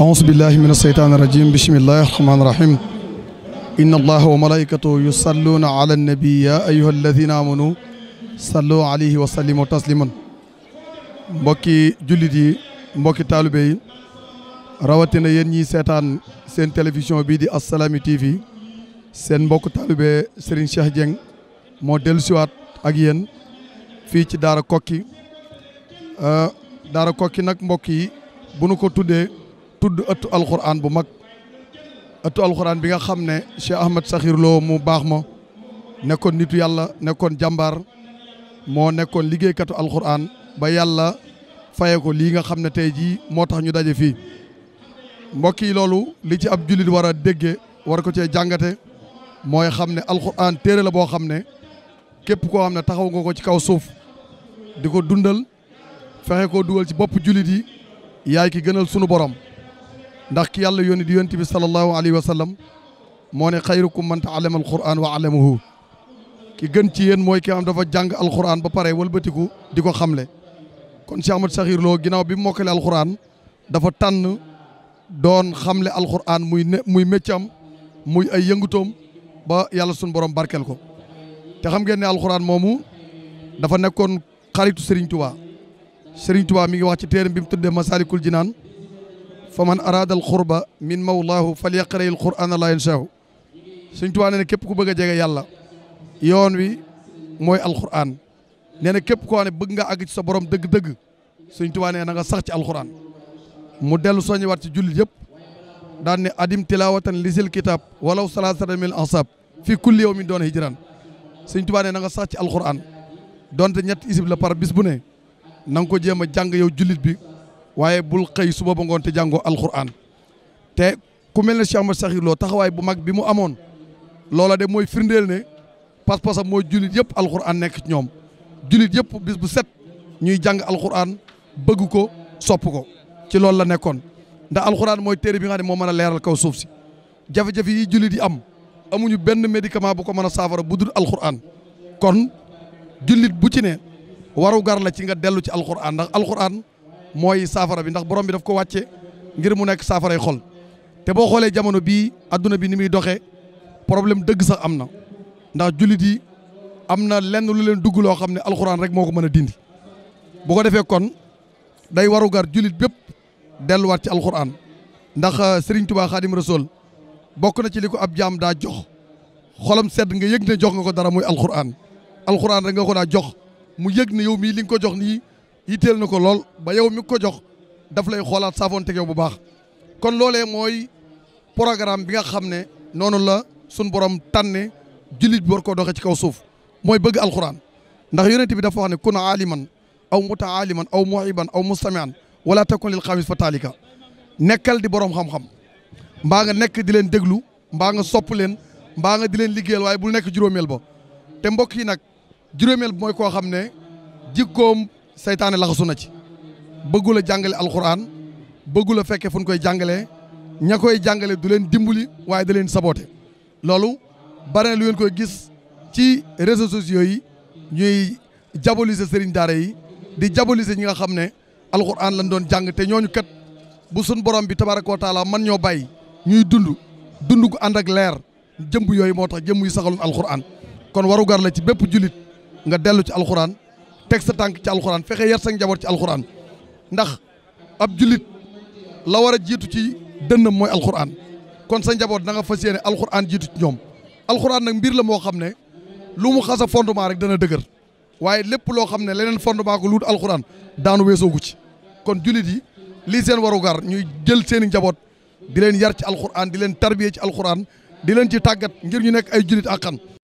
أعوذ بالله من الشيطان الرجيم بسم الله الرحمن الرحيم إن الله وملائكته يصلون على النبي يا أيها الذين آمنوا صلوا عليه وسلموا تسليما mbokki jullit yi mbokki taalibe rawatina yéen ñiy seetaan seen télévision bii di Assalaamy TV seen mbokk taalibe Serigne Cheikh Dieng moo dellusiwaat ak yéen fii ci Daara Koki euh, Daara Koki nag mbokk bu nu ko tuddee tudd ëttu alxuraan bu mag ëttu alxuraan bi nga xam ne Cheikh Ahmed Sakhir Lo mu baax ma nekkoon nitu yàlla nekkoon jàmbaar moo nekkoon liggéeykatu alxuraan ba yàlla faye ko lii nga xam ne tey jii moo tax ñu daje fi mbokk yi loolu li ci ab jullit war a dégge war ko cee jàngate mooy xam ne alxuraan téere la boo xam ne képp koo xam ne taxaw nga ko ci kaw suuf di ko dundal fexe ko dugal ci bopp jullit yi yaay ki gënal sunu borom ndax ki yàlla yónni di yonent bi sallallahu alayhi wa sallam moo ne xayrukum man ta'allama alquran wa allamahu ki gën ci yéen mooy ki am dafa jàng alquran ba pare walbatiku di ko xamle kon Cheikh Ahmad Sakhir Lo ginnaaw bi mu mokkale alquran dafa tànn doon xamle alquran muy ne muy méccam muy ay yëngutoom ba yàlla sunu borom barkeel ko te xam ngeen ne alquran moomu dafa nekkoon xaritu sëriñ Touba Serigne Touba mi ngi wax ci téere bi mu tuddee Masalikul Jinaan fa man araada al xurba min mawlaahu fal yaqra il qur'ana la yansahu suñ tuwaa nee na képp ku bëgg a jege yàlla yoon wi mooy alquran nee na képp koo ne bëgg nga àgg ci sa borom dëgg-dëgg suñ tuwaa nee na nga sax ci alquran mu dellu soññi waat ci jullit yëpp daan ne adim tilawatan lisil kitab walaw salaasata mil ansab fi kulli yow mi doon hijran suñ tuwaa nee na nga sax ci alquran donte ñett isib la par bis bu ne na nga ko jéem a jàng yow jullit bi waaye bul xëy suba ba ngoon te jàngoo alxuraan te ku mel ne Cheikh Ahmad Sakhir taxawaay bu mag bi mu amoon loola de mooy firndeel ne pas-pasam mooy jullit yëpp alxuraan nekk ci ñoom jullit yëpp bis bu set ñuy jàng alxuraan bëgg ko sopp ko ci loolu la nekkoon ndax alxuraan mooy téere bi nga xam ne moo mën a leeral kaw suuf si jafe-jafe yi jullit yi am amuñu benn médicament bu ko mën a saafara bu dul alxuraan kon jullit bu ci ne waru gar la ci nga dellu ci alxuraan ndax alxuraan mooy saafara bi ndax borom bi daf ko wàcce ngir mu nekk saafaray xol te boo xoolee jamono bii adduna bi ni muy doxee problème dëgg sax am na ndax jullit yi am na lenn lu leen dugg loo xam ne alxuraan rek moo ko mën a dindi bu ko defee kon day warugar jullit bépp delluwaat ci alxuraan ndax euh, Serigne Touba Khadim Rasoul bokk na ci li ko ab jaam daa jox xolam sedd nga yëg ne jox nga ko dara muy alxuraan alxuraan rek nga ko daa jox mu yëg ne yow mii li nga ko jox nii yitteel na ko lool ba yow mi ko jox daf lay xoolaat saafoon teg yow bu baax kon loole mooy programme bi nga xam ne noonu la sun borom tànne jullit bi war koo doxe ci kaw suuf mooy bëgg alxuraan ndax yonent bi dafa wax ne kun aaliman aw mutaaliman aw muhiban aw mustamian wala takun lil xaamis fa taalika nekkal di borom xam-xam mbaa nga nekk di leen déglu mbaa nga sopp leen mbaa nga di leen liggéeyal waaye bul nekk juróomeel ba te mbokk yi nag juróomeel bi koo xam ne seytaane laxasu na ci bëggul a jàngale alxuraan bëggul a fekke fu ñu koy jàngalee ña koy jàngale du leen dimbali waaye da leen saboote loolu bare lu ngeen koy gis ci réseaux sociaux yi ñuy jaboliser sëriñ daara yi di jaboliser ñi nga xam ne alxuraan lañ doon jàng te ñooñu kat bu sun borom bi tabaraka wa taala man ñoo bay ñuy dund dund gu ànd ak leer jëmb yooyu moo tax jëmb yu saxaloon alxuraan kon warugar la ci bépp jullit nga dellu ci alxuraan teg sa tànk ci alxuraan fexe yar sa njaboot ci alxuraan ndax ab jullit la war a jiitu ci dënnam mooy alxuraan kon sa njaboot na nga fas yéene alxuraan jiitu ci ñoom alxuraan nag mbir la moo xam ne lu mu xas a fondement rek dana dëgër waaye lépp loo xam ne leneen fondement ko luut alxuraan daanu weesoogu ci kon jullit yi li seen warugar ñuy jël seen i njaboot di leen yar ci alxuraan di leen tarbiye ci alxuraan di leen ci tàggat ngir ñu nekk ay jullit àqan